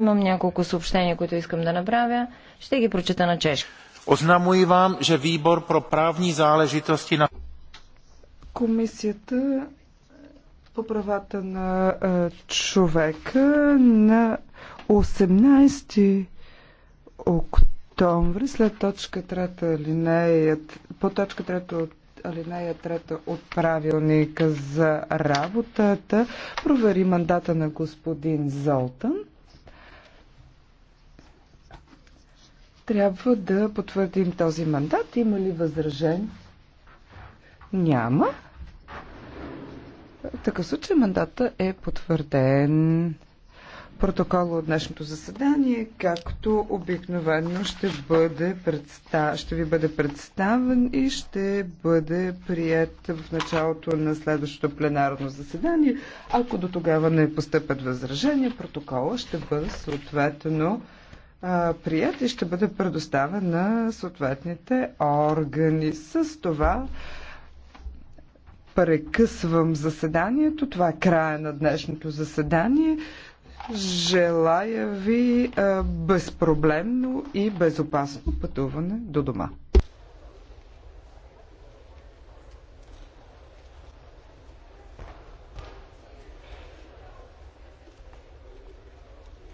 Имам няколко съобщения, които искам да направя. Ще ги прочета на чешки. Ознамуй вам, че výbor про правни záležitosti на... Комисията по правата на човека на 18 октомври след точка 3 линея, по точка 3 от алинея 3 от правилника за работата провери мандата на господин Золтан. трябва да потвърдим този мандат. Има ли възражен? Няма. В такъв случай мандата е потвърден. Протокола от днешното заседание, както обикновено, ще, бъде предста... ще ви бъде представен и ще бъде прият в началото на следващото пленарно заседание. Ако до тогава не постъпят възражения, протокола ще бъде съответно прият и ще бъде предоставен на съответните органи. С това прекъсвам заседанието. Това е края на днешното заседание. Желая ви безпроблемно и безопасно пътуване до дома.